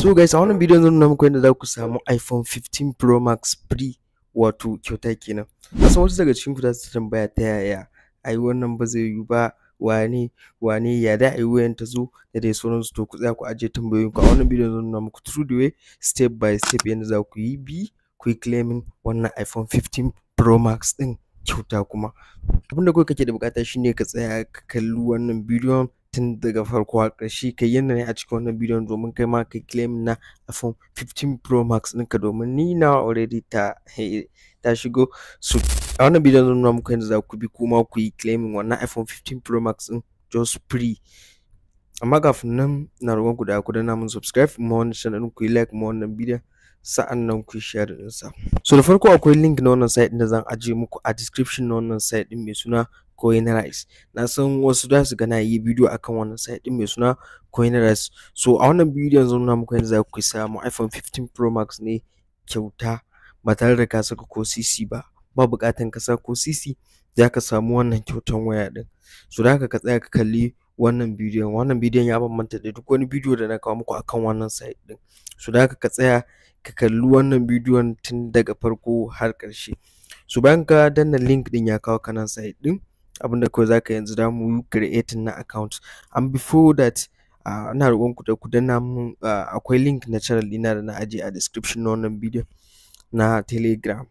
so guys a wannan bidiyon zan nuna muku yadda za ku samu iphone 15 pro max pre wato kyauta kenan kasan wasu daga cikin ku za su tambaya ta yaya a yi wannan ba zai yiwu ba wane wane ya da yi wayan ta zo da dai sauransu to ku tsaya ku ajiye tambayoyin ku a wannan bidiyon zan nuna muku through the way step by step yadda za ku yi bi ku yi claiming wannan iphone 15 pro max din kyauta kuma abinda kawai kake da bukata shine ka tsaya ka kalli wannan bidiyon tun daga farko har ƙarshe yi yanayi a cikin wannan bidiyon domin kai ma ka claim na iPhone 15 Pro Max ɗinka domin ni na already ta ta shigo so a wannan bidiyon zan nuna muku yadda za ku bi kuma ku yi claiming wannan iPhone 15 Pro Max ɗin just free amma kafin nan na roƙon ku da ku danna mun subscribe kuma wannan channel ku yi like kuma wannan bidiyon sa'an nan ku share ɗinsa so da farko akwai link na wannan site da zan ajiye muku a description na wannan site mai suna Coinrise. Na san wasu da su gana yi bidiyo akan wannan site din mai suna Coinrise. So a wannan bidiyon zan nuna muku yadda za ku samu iPhone 15 Pro Max ne kyauta ba tare da ka saka ko CC ba. Ba bukatan ka saka ko CC za ka samu wannan kyautan waya din So da haka ka tsaya ka kalli wannan bidiyon. Wannan bidiyon ya bambanta da duk wani bidiyo da na kawo muku akan wannan site din So da haka ka tsaya ka kalli wannan bidiyon tun daga farko har karshe So bayan ka danna link din ya kawo ka nan site ɗin abinda kawai zaka yanzu za mu creating na account and before that ana ah, ina roƙon ku da ku danna mun ah, akwai link na channel ɗina da na ajiye a description na wannan bidiyon na telegram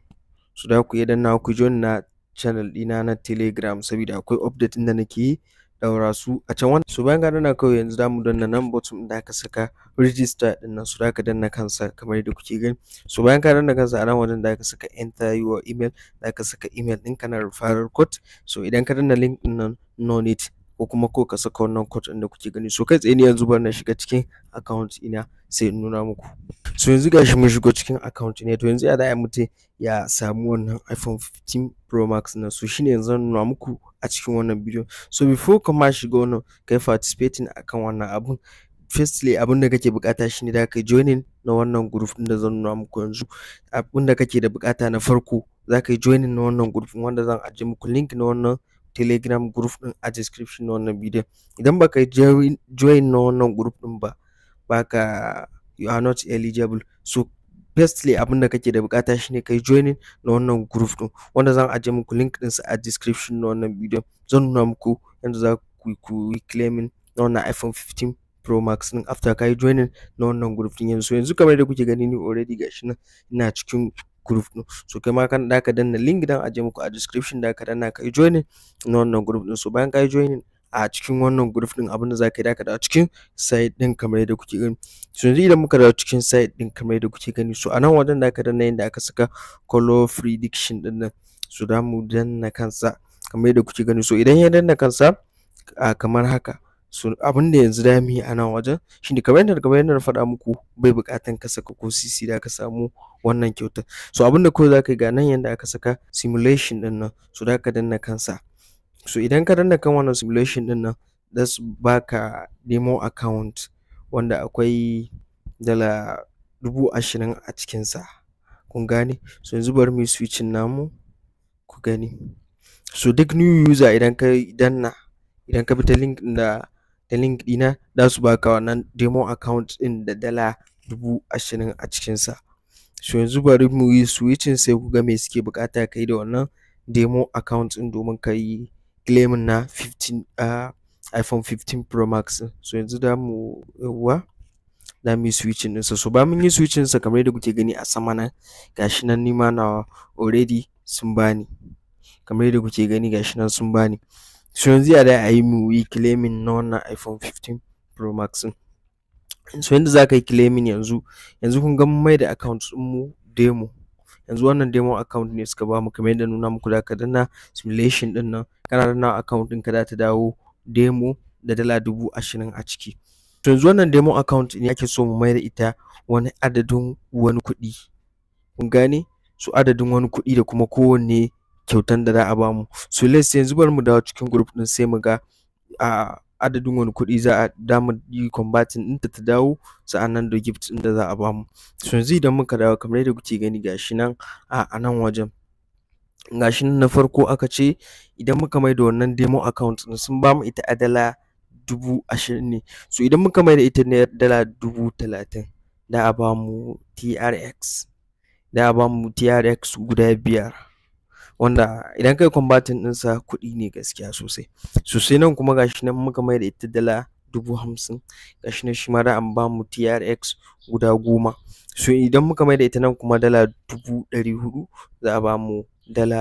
so da ku iya danna ku join na channel ɗina na telegram saboda akwai update ɗin da nake yi daura su a can wani Su bayan ka na kawai yanzu zamu danna nan bottom da aka saka register din nan da aka danna kansa kamar yadda kuke gani Su bayan ka danna kansa a nan wajen da aka saka enter your email da aka saka email ɗinka na farar code so idan ka danna link ɗin nan no ko kuma ko ka saka wannan code ɗin da kuke gani so kai tsaye ni yanzu bari na shiga cikin account ina sai in nuna muku so yanzu gashi mun shigo cikin account ne to yanzu ya za a mutum ya samu wannan iPhone 15 Pro Max na so shine yanzu zan nuna muku a cikin wannan bidiyon so before ka ma shiga wannan kai participating akan wannan abun firstly abin da kake bukata shine da kai joining na wannan group ɗin da zan nuna muku yanzu abin da kake da bukata na farko za ka yi joining na wannan group wanda zan ajiye muku link na wannan telegram group din a description na wannan bidiyon idan baka join na wannan group din ba baka you are not eligible so firstly abinda kake da bukata shine kai joinin na wannan group din. wanda zan ajiye muku link sa a description na wannan bidiyon zan nuna muku yanda za ku ku claiming na wannan iphone 15 Pro Max din after kai joinin na wannan group din yanzu yanzu kamar da kuke gani ni already gashi nan ina cikin group din so kai ma kan da ka danna link dan aje muku a description da ka danna ka yi joining na wannan group ɗin so bayan ka yi joining a cikin wannan group ɗin abinda za ka yi da ka dawo cikin site ɗin kamar yadda kuke gani so yanzu idan muka dawo cikin site ɗin kamar yadda kuke gani so a nan wajen da ka danna yadda aka saka color prediction ɗin nan so za mu danna kansa kamar yadda kuke gani so idan ya danna kansa a kamar haka so abin da yanzu da mu a nan wajen shine kamar yadda kamar yadda na faɗa muku bai buƙatan ka saka ko cc da ka samu wannan kyautar so abin da kawai zaka yi ga nan yadda aka saka simulation din nan so da ka danna kansa so idan ka danna kan wannan simulation din nan za su baka demo account wanda akwai dala dubu ashirin a cikinsa kun gane so yanzu bari mu yi namu ku gani so duk new user idan ka danna idan ka bi ta link da da link ɗina za su baka wannan demo account ɗin da dala dubu ashirin a cikinsa so yanzu bari mu yi switching sai ku ga me suke bukata ka yi da wannan demo account ɗin domin ka yi claim na 15 uh, ah, iPhone 15 Pro Max su so yanzu da mu yawwa da mu yi switching ɗinsa so ba mun yi switching sa kamar yadda kuke gani a sama nan gashi nan nima na already sun bani kamar yadda kuke gani gashi nan sun bani So yanzu a yi mu yi claiming na wannan iPhone 15 Pro Max ɗin. So yanda za ka yi claiming yanzu, yanzu kun ga mai da account mu demo. Yanzu wannan demo account ne suka ba mu kamar yadda nuna muku za ka danna simulation din nan, kana dannawa account ka za ta dawo demo da dala dubu ashirin a ciki. To yanzu wannan demo account ne ake so mu mai da ita wani adadin wani kuɗi, kun gane? su adadin wani kuɗi da kuma kowanne kyautan da za a bamu so let's yanzu bari mu dawo cikin group din sai mu ga a adadin wani kuɗi za a damu yi combating din ta dawo sa'annan da gift ɗin da za a bamu so yanzu idan muka dawo kamar yadda kuke gani gashi nan a anan nan wajen gashi nan na farko aka ce idan muka mai da wannan demo account din sun bamu ita a dala dubu ashirin ne so idan muka mai da ita ne dala dubu talatin da a bamu TRX da a bamu TRX guda biyar wanda idan kai kwambatin ɗinsa kuɗi ne gaskiya sosai sosai nan kuma gashi nan muka mai da ita dala dubu hamsin gashi nan shi ma da an bamu TRX guda goma so idan muka mai da ita nan kuma dala dubu ɗari hudu za a bamu dala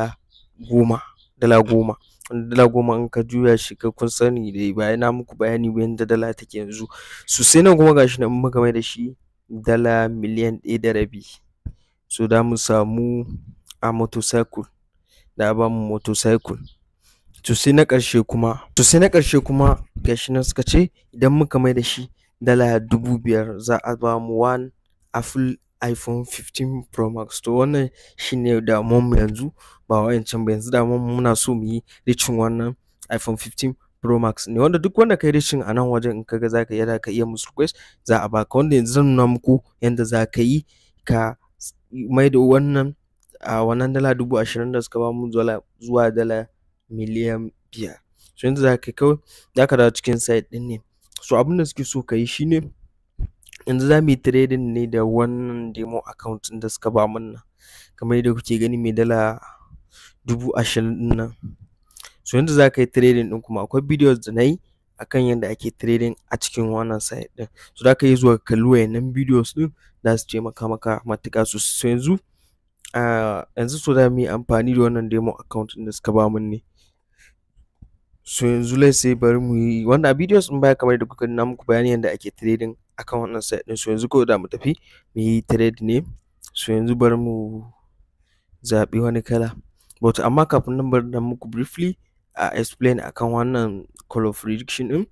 goma dala goma wanda dala goma in ka juya shi ka kun sani dai bayan na muku bayani ba da dala take yanzu sosai nan kuma gashi nan muka mai da shi dala miliyan ɗaya da rabi so da mu samu a motorcycle da ya bamu motocycle. to sai na karshe kuma to sai na ƙarshe kuma gashi nan suka ce idan muka mai da shi dala dubu biyar za a bamu one apple iphone 15 pro max to wannan shine damuwar yanzu ba wa'ancan ba yanzu damuwar muna so mu yi ricin wannan iphone 15 pro max ne wanda duk wanda kai ricin a nan wajen in kaga zaka yada ka iya musu request za a baka wanda yanzu zan nuna muku yanda za ka yi ka mai da wannan a wannan dala dubu ashirin da suka bamu dala zuwa dala miliyan biyar so yanzu za ka kawai za ka dawo cikin site ɗin ne so abin da suke so ka yi shine yanzu za mu yi trading ne da wannan demo account da suka ba nan kamar yadda kuke gani mai dala dubu ashirin ɗin nan so yanzu za ka yi trading din kuma akwai videos da na yi akan yadda ake trading a cikin wannan site din. so za ka iya zuwa ka kalli videos ɗin za su taimaka maka matuƙa sosai so yanzu yanzu so da mu yi amfani da wannan demo account din da suka mun ne. So yanzu let's say bari mu yi, wanda videos ɗin baya kamar yadda kuka na muku bayani yadda ake trading akan wannan site din So yanzu ko da mu tafi mu yi trade ne. So yanzu bari mu zaɓi wani kala. But amma kafin nan bari na muku briefly a explain akan wannan call of prediction din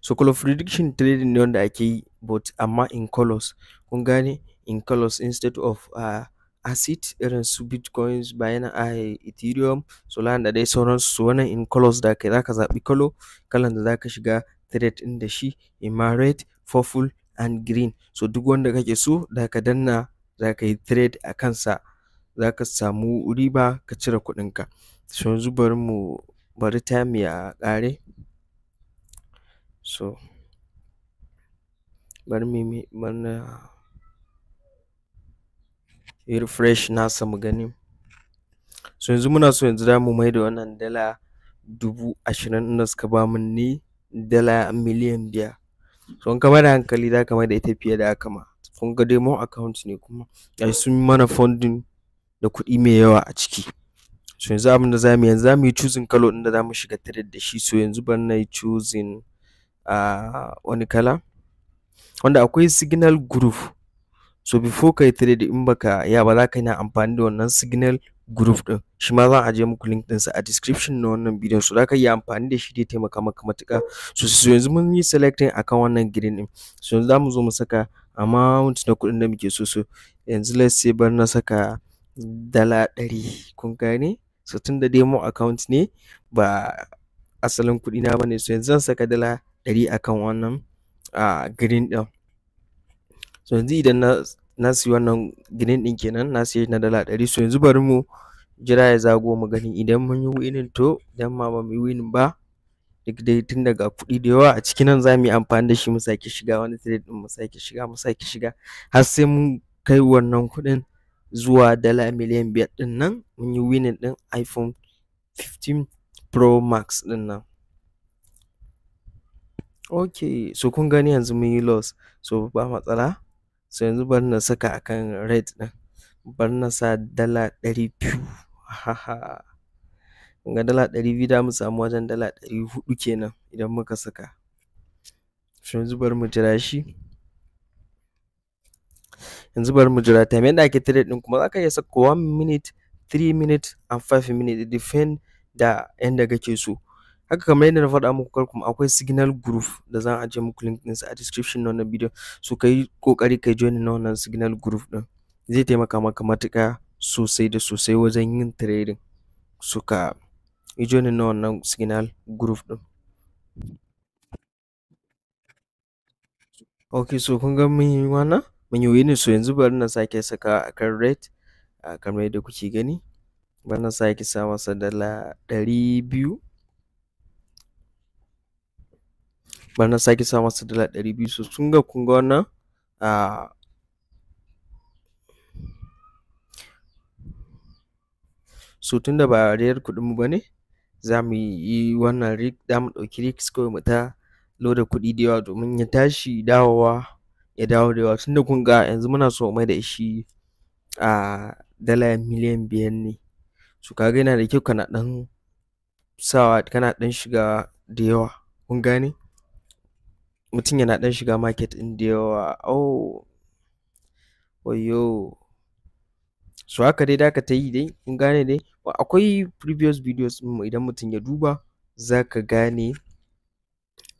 So call of prediction trading ne wanda ake yi but amma in colors. Kun gane? in colors instead of a uh, asset irin su bitcoin, a ethereum, solana da dai sauransu. su wannan in colors da zaka zaɓi kalo kalan da zaka shiga thread in da shi ima red, purple and green. So duk wanda kake so da ka danna zaka yi thread a kansa zaka samu riba ka cire kuɗinka. So yanzu bari mu bari time ya kare so bari mu yi iri fresh nasa mu gani so yanzu muna so yanzu za mu mai da wannan dala dubu ashirin inda suka ba mu ni dala miliyan biyar so in ka da hankali za ka mai da ita fiye da haka ma kun ga dai account ne kuma gashi sun mana funding da kuɗi mai yawa a ciki so yanzu abin da za mu yi yanzu za mu yi choosing kalo ɗin da za mu shiga trade da shi so yanzu bari na yi choosing ah, wani kala wanda akwai signal group so before kai trade in baka ya ba za ka yi amfani da wannan signal group din shi ma za a je muku link ɗinsa a description na wannan bidiyon so za ka yi amfani da shi dai taimaka maka matuƙa so, so yanzu mun yi selecting akan wannan green din so yanzu za mu zo mu saka amount na kuɗin da muke so so yanzu let's say bar na saka dala ɗari kun gane so tun da demo account ne ba asalin kuɗi na bane so yanzu zan saka dala ɗari akan wannan a ah, green ɗin so yanzu idan na na siyi wannan ginin ɗin kenan na siye na dala ɗari so yanzu bari mu jira ya zago mu gani idan mun yi winin to idan ma bamu yi winin ba duk dai tunda ga kuɗi da yawa a ciki nan mu yi amfani da shi mu sake shiga wani trade ɗin mu sake shiga mu sake shiga har sai mun kai wannan kuɗin zuwa dala miliyan biyar ɗin nan mun yi winin ɗin iPhone 15 Pro Max ɗin nan. Ok, so kun gani yanzu mun yi loss, so ba matsala. so yanzu bari na saka a kan red ɗin bari na sa dala ɗari biyu haha ga dala ɗari biyu da mu samu wajen dala ɗari huɗu kenan idan muka saka so yanzu bari mu jira shi yanzu bari mu jira time yadda ake trade ɗin kuma za ka iya saka 1 minute 3 minute and 5 minute depend da yadda kake so haka kamar yadda na faɗa muku kar kuma akwai signal group da zan ajiye muku link ɗinsa a description na wannan bidiyo so ka yi kai join na wannan signal group din zai taimaka maka matuƙa sosai da sosai wajen yin trading so ka yi join na wannan signal group din ok so kun ga mun yi wannan mun yi wani so yanzu bari na sake saka akan rate kamar yadda kuke gani bari na sake sa masa dala ɗari biyu bari na sake sa masa dala ɗari biyu so ga kun ga wannan a so da ba rayar kuɗin mu bane za mu yi wannan rig za mu ɗauki rik kawai mu loda kuɗi da yawa domin ya tashi dawowa ya dawo da yawa da kun ga yanzu muna so mai da shi a dala miliyan biyar ne so kaga yana da kyau kana ɗan sawa kana ɗan shiga da yawa kun gane mutum yana ɗan shiga market ɗin da yawa oh wayyo so haka dai daka ta yi dai kun gane dai akwai previous videos ɗin idan mutum ya duba za ka gane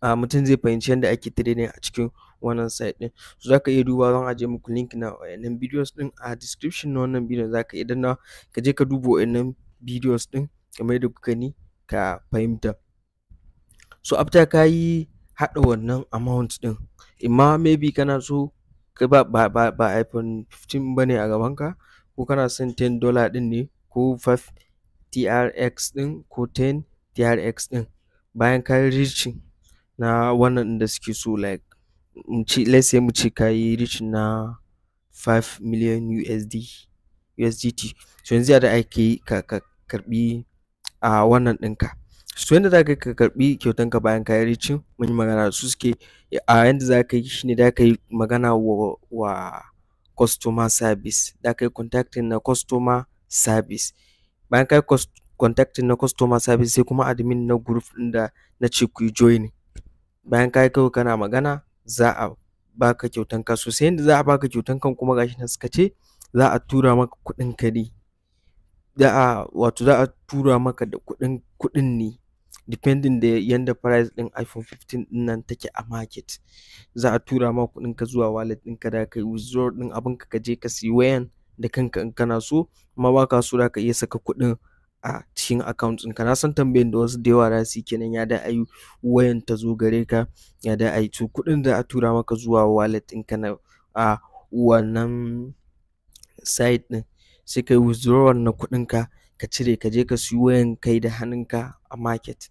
a mutum zai fahimci yadda ake trading a cikin wannan site ɗin so za ka iya duba zan ajiye muku link na wayannan videos ɗin a description na wannan video za ka iya danna ka je ka duba wayannan videos din kamar yadda kuka gani ka fahimta so after ka yi haɗa wannan amount ɗin imma maybe kana so kai ba ba ba ba iPhone 15 bane a gabanka ko kana son 10 dollar ɗin ne ko 5 TRX ɗin ko 10 TRX ɗin bayan ka yi na wannan da suke so like mu ce let's say mu ci kai yi na 5 million USD USDT so yanzu ya da ake ka ka karɓi a ah, wannan ɗinka Su yanda za ka yi ka karɓi kyautanka bayan ka yi reaching mun yi magana da su suke a yanda za ka yi shi ne za ka yi magana wa wa customer service za ka yi contacting na customer service bayan ka yi contacting na customer service sai kuma admin na group ɗin da na ce ku yi joining bayan ka yi kawai kana magana za a baka kyautanka so sai yanda za a baka kan kuma gashi nan suka ce za a tura maka kuɗin ka ne za a wato za a tura maka da kuɗin kuɗin ne depending da yanda price ɗin iPhone 15 ɗin nan take a market za a tura ma kuɗin ka zuwa wallet ɗinka da kai withdraw ɗin abin ka je ka siyi wayan da kanka in kana so amma ba ka so za iya saka kuɗin a cikin account ɗinka na san tambayan da wasu da yawa za su yi kenan ya da ayi wayan ta zo gare ka ya da ayi to kuɗin da a tura maka zuwa wallet ɗinka na a wannan site ɗin sai kai withdrawal na kuɗin ka. ka cire ka je ka siyo wayan kai da hannun ka a market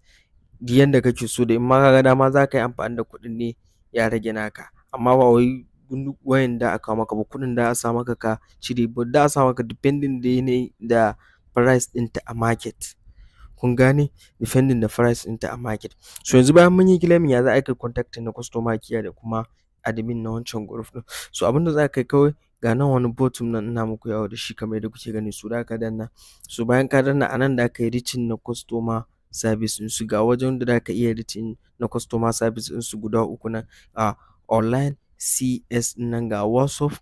duk yanda kake so da in ma ka ga dama za ka yi amfani da kuɗin ne ya rage naka amma ba wai wayan da aka kawo maka ba kuɗin da za a sa maka ka cire ba da a sa maka depending da yanayin da price ɗinta a market kun gane depending da price ɗinta a market so yanzu bayan mun yi claiming ya za a yi kai contacting na customer care da kuma admin na wancan group ɗin so abinda za ka kai kawai ga nan wani bottle nan ina muku yawo da shi kamar yadda kuke gani su aka danna so bayan ka danna a nan da aka yi reaching na customer service ɗin su ga wajen da zaka iya reaching na customer service ɗin su guda uku nan a online CS ɗin nan ga WhatsApp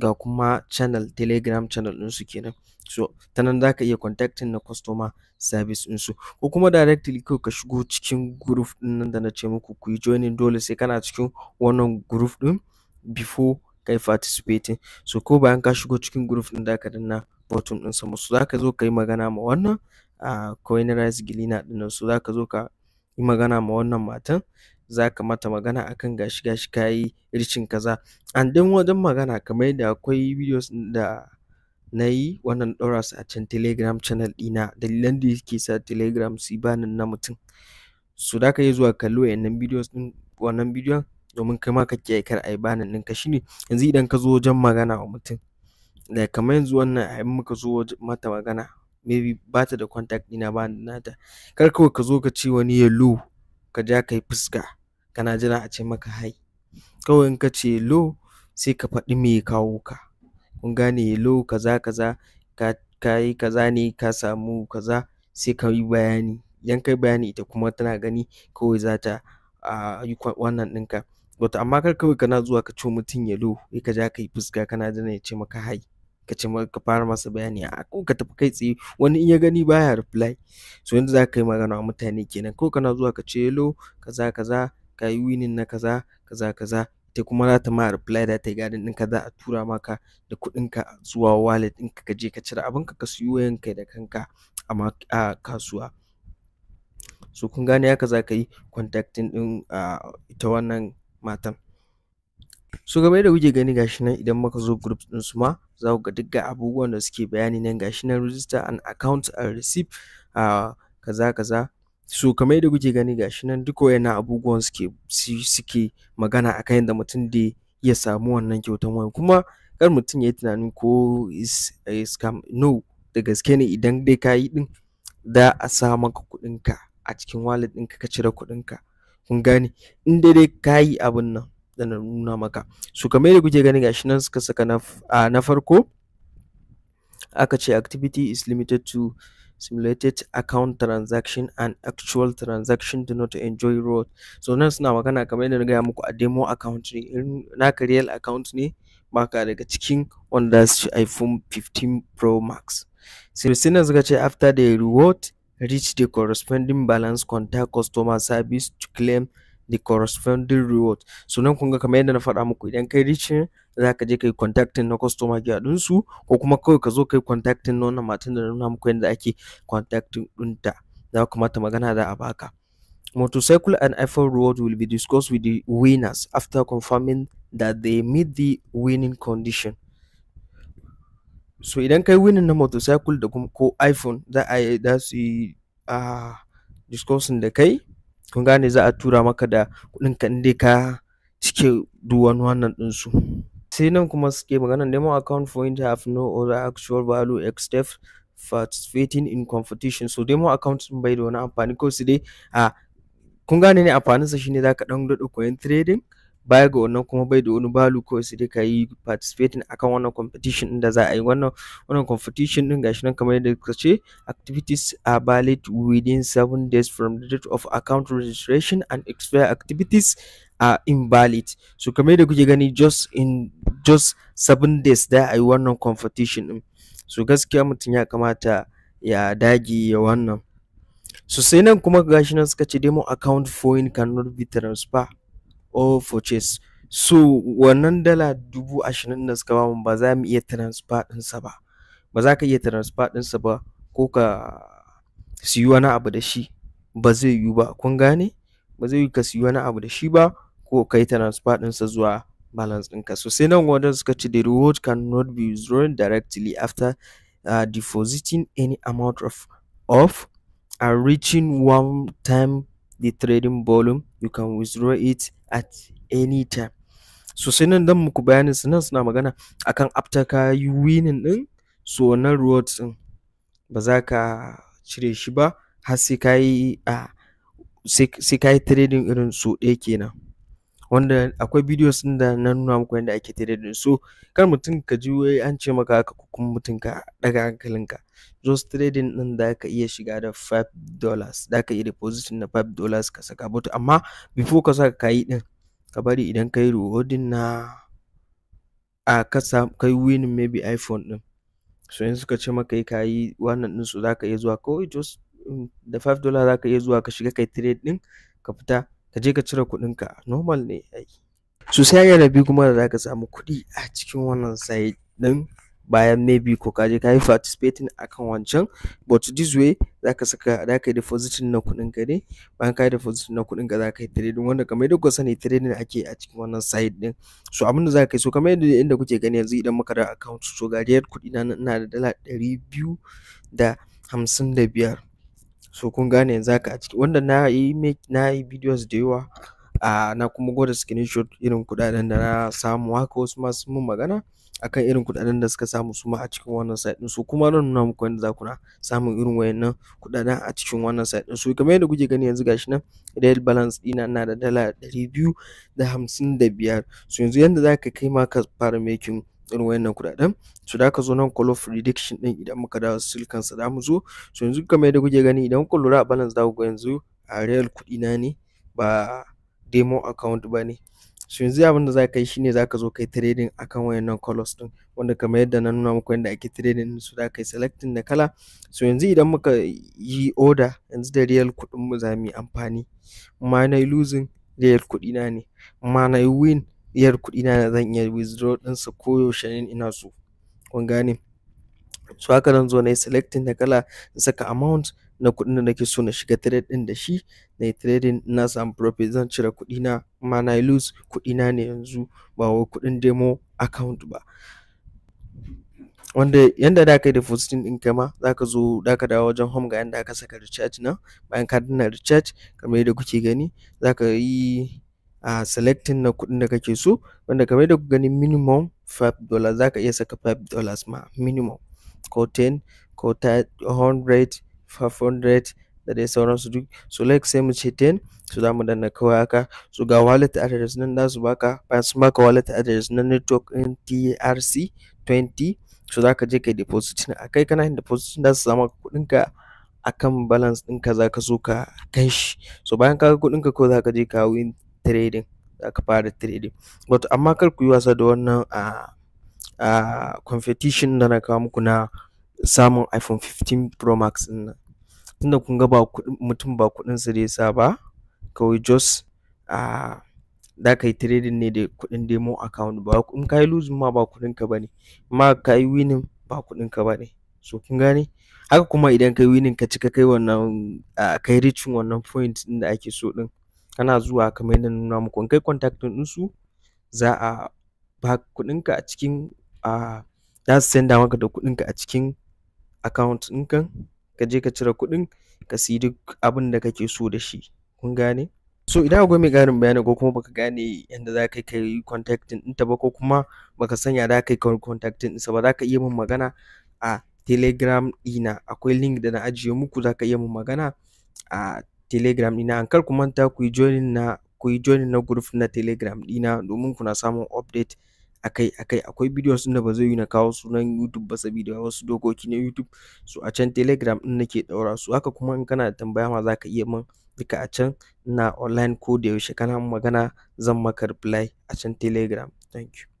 ga kuma channel telegram channel ɗinsu kenan so ta nan za ka iya contacting na customer service ɗinsu ko kuma directly kawai ka shigo cikin group ɗin nan da na ce muku ku yi dole sai kana cikin wannan group ɗin before kai participating so ko bayan ka shigo cikin group ɗin zaka danna button din sama so zaka zo kai magana ma wannan a coinrise gilina din nan so zaka zo ka yi magana ma wannan matan zaka mata magana akan gashi gashi kayi ricin kaza and din wajen magana kamar da akwai videos da nayi wannan ɗora su a can telegram channel ɗina dalilan da yake sa telegram su banin na mutum so da iya zuwa kalli wa'innan videos ɗin wannan bidiyon domin kai ma ka kiyaye kar a yi ɗinka shi ne yanzu idan ka zo wajen magana wa mutum like kamar yanzu wannan in muka zo mata magana maybe ba ta da contact ɗina ba ni da nata kar kawai ka zo ka ce wani hello ka ja ka yi fuska kana jira a ce maka hi kawai in ka ce hello sai ka faɗi me ya kawo ka kun gane hello kaza kaza ka ka yi kaza ne ka samu kaza sai ka yi bayani idan ka yi bayani ita kuma tana gani kawai za ta ah, yi wannan ɗinka wato amma kar kawai kana zuwa ka ciwo mutum yalo sai ka ja ka fuska kana jira ya ce maka hai ka ce maka ka fara masa bayani a ko ka tafi kai tsaye wani in ya gani baya reply so yanda za ka yi magana wa mutane kenan ko kana zuwa ka ce yalo, kaza kaza ka yi winning na kaza kaza kaza ita kuma za ta ma reply da ta yi gadin ɗinka za a tura maka da kuɗinka zuwa wallet ɗinka ka je ka cire abin ka siyo yanka da kanka a kasuwa so kun gane haka za ka yi contacting ɗin ita wannan matan so kamar kuke gani gashi nan idan muka zo group din su ma za ku ga dukkan abubuwan da suke bayani nan gashi nan register an account and receipt uh, kaza kaza so kamar yadda kuke gani gashi nan duk wayannan abubuwan suke suke magana akan yadda mutum da ya samu wannan kyautan wani kuma kar mutum ya yi tunanin ko is a scam no da gaske ne idan dai kayi yi din za a sa maka kuɗinka a cikin wallet ɗinka ka cire ka. kun gane in dai dai ka yi abin nan da na nuna maka Su kamar yadda kuke gani gashi nan suka saka na na farko aka ce activity is limited to simulated account transaction and actual transaction do not enjoy road so nan suna magana kamar yadda na gaya muku a demo account ne in naka real account ne baka daga cikin wanda su iphone 15 pro max sai nan suka ce after the reward reach the corresponding balance, contact customer service to claim the corresponding reward. So nan kun ga kamar yadda na faɗa muku idan kai reaching za ka je kai contacting na customer care su, ko kuma kawai ka zo kai contacting na wannan matan da na nuna muku yadda ake contacting ɗinta. Za ku mata magana da abaka. baka. Motorcycle and iPhone reward will be discussed with the winners after confirming that they meet the winning condition. so idan kai winning na motorcycle da kuma ko iphone za a yi za su yi a discussion da kai kun gane za a tura maka da kuɗin ka inda ka cike duwan wannan ɗinsu sai nan kuma suke magana. demo account point have no other actual value except participating in competition so demo account sun bai da wani amfani ko su dai a kun gane ne amfaninsa shine zaka ɗan dada koyon trading baya ga wannan kuma bai da wani balu kawai sai dai ka yi participating akan wannan competition din da za a yi wannan wannan competition din gashi nan kamar yadda kuka ce activities are valid within seven days from the date of account registration and expire activities are invalid so kamar yadda kuke gani just in just seven days da a yi wannan competition din so gaskiya mutum ya kamata ya dage ya wannan so sai nan kuma gashi nan suka ce demo account foreign cannot be transferred all chess So wannan dala dubu ashirin da suka bamu ba za mu iya transfer ɗinsa ba. Ba za ka iya transfer ɗinsa ba ko ka siyi wani abu da shi ba zai yiwu ba kun gane? Ba zai yiwu ka siyi wani abu da shi ba ko ka yi transfer ɗinsa zuwa balance ɗinka. So sai nan wajen suka ce the reward not be withdrawn directly after uh, depositing any amount of of and reaching one time the trading volume you can withdraw it at any time so sai nan dan muku bayanin su suna magana akan after ka yi winning din so na din ba za ka cire shi ba har sai ka a ah, sai kai trading irin so ɗaya kenan wanda akwai videos ɗin da na nuna muku yadda ake trading ɗin so kar mutum ka ji wai an ce maka haka ko kuma mutum ka hankalin hankalinka just trading ɗin da ka iya shiga da 5 dollars da ka iya depositing na 5 dollars ka saka but amma before ka saka ka yi ka bari idan kai rewarding na a ka kai ka yi maybe iPhone din so yanzu suka ce maka ka yi wannan din so zaka iya zuwa kawai just mm, da 5 dollars zaka iya zuwa ka shiga kai trade din ka fita ka je ka cire kuɗinka normal ne ai so sai hanyar da kuma da za ka samu kuɗi a cikin wannan site ɗin bayan maybe ko ka je ka yi participating akan wancan but this way za ka saka za ka yi depositing na kuɗin ka ne bayan ka yi depositing na kuɗin ka za ka yi trading wanda kamar yadda kuka sani trading ake a cikin wannan site din so abin da za ka yi so kamar yadda inda kuke gani yanzu idan muka da account so gariyar kuɗi na ina da dala ɗari biyu da hamsin da biyar so kun gane yanzu haka a ciki wanda na yi na yi videos da yawa a na kuma gwada screenshot irin kuɗaɗen da na samu haka wasu ma sun mun magana akan irin kuɗaɗen da suka samu su ma a cikin wannan site din su kuma zan nuna muku yadda za ku na samun irin wayannan kuɗaɗen a cikin wannan site din su kamar yadda kuke gani yanzu gashi nan real balance ɗina na da dala ɗari biyu da hamsin da biyar so yanzu yanda za ka kai ma ka fara making irin wayannan kuɗaɗen so da ka zo nan call of prediction ɗin idan muka dawo silkan sa za mu zo so yanzu kamar yadda kuke gani idan kuka lura a balance za ku yanzu a real kuɗi na ne ba demo account ba ne so yanzu abin da za ka yi shine za ka zo kai trading akan wayannan colors ɗin wanda kamar yadda na nuna muku yadda ake trading su da kai selecting da kala so yanzu idan muka yi order yanzu da real kuɗin mu za mu yi amfani ma na yi losing real kuɗi na ne ma na yi win iyar kuɗina na zan iya withdraw ɗinsa koyaushe ne ina so kun gane su haka zan zo na yi selecting na kala in saka amount na kuɗin da nake so na shiga trade ɗin da shi na yi trading na samu profit zan cire kuɗina ma na lose kuɗina ne yanzu ba wai kuɗin demo account ba wanda yanda da ka yi depositing ɗin kai ma za ka zo da ka dawo wajen home ga yanda aka saka recharge na, bayan ka danna recharge kamar yadda kuke gani za ka yi a selecting na kudin da kake so wanda kamar yadda ku gani minimum 5 dollars zaka iya saka 5 dollars ma minimum ko 10 ko 100 500 da dai sauransu duk so like sai mu ce 10 so za mu danna kawai haka so ga wallet address nan za su baka bayan sun baka wallet address na network in trc 20 so za ka je kai depositing a kai kana yin deposit za su zama kudinka a akan balance ɗinka za ka so ka kai shi so bayan ka ga kudinka ko za ka je ka win trading za ka fara trading but amma kar ku yi wasa da wannan a a competition da na kawo muku na samun iPhone 15 Pro Max na nan tunda kun ga ba mutum ba kudin sa dai sa ba kawai just a da ka yi trading ne da kuɗin demo account ba in ka yi losing ma ba kudin ka bane ma ka yi winning ba kudin ka bane so kun gane haka kuma idan ka yi winning ka cika kai wannan kai reaching wannan point ɗin da ake so ɗin kana zuwa kamar yadda na nuna muku in kai contacting ɗinsu za a ba kuɗinka a cikin a za su senda maka da kuɗinka a cikin account ɗinka ka je ka cire kuɗin ka siyi duk abin da kake so da shi kun gane so idan akwai mai ƙarin bayani ko kuma baka gane yadda za ka kai contact ta ba ko kuma baka sanya za ka contact contacting sa ba za ka iya min magana a telegram ɗina akwai link da na ajiye muku za ka iya min magana a telegram dina an kar ku manta ku yi joining na ku yi na group na telegram dina domin kuna samun update akai akai akwai bidiyo ɗin da ba zai yi na kawo sunan youtube ba saboda wasu dokoki na youtube so a can telegram din nake ɗaura su haka kuma in kana da tambaya ma za ka iya min duka a can na online ko da yaushe kana magana zan maka reply a can telegram thank you